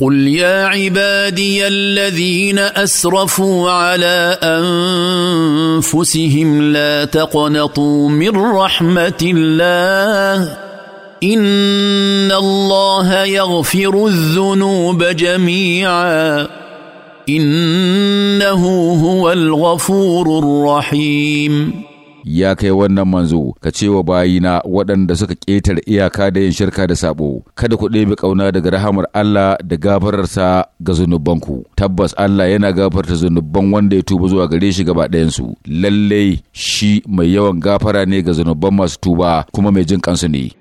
قل يا عبادي الذين اسرفوا على انفسهم لا تقنطوا من رحمه الله ان الله يغفر الذنوب جميعا انه هو الغفور الرحيم ya kai wannan manzo ka ce wa bayina waɗanda suka ƙetare iyaka da yin shirka da sabo kada ku ɗebe ƙauna daga rahamar Allah da gafararsa ga zunubanku tabbas Allah yana gafarta zunuban wanda ya tuba zuwa gare shi gaba ɗayansu lallai shi mai yawan gafara ne ga zunuban masu tuba kuma mai jin kansu ne